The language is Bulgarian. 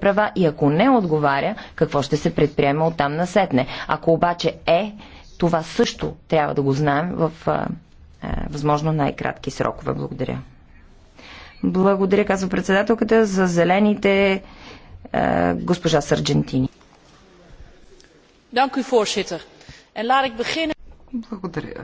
права и ако не отговаря, какво ще се предприеме от там насетне. Ако обаче е, това също трябва да го знаем в а, а, възможно най-кратки срокове. Благодаря. Благодаря, казва председателката, за зелените а, госпожа Сърджентини. Благодаря,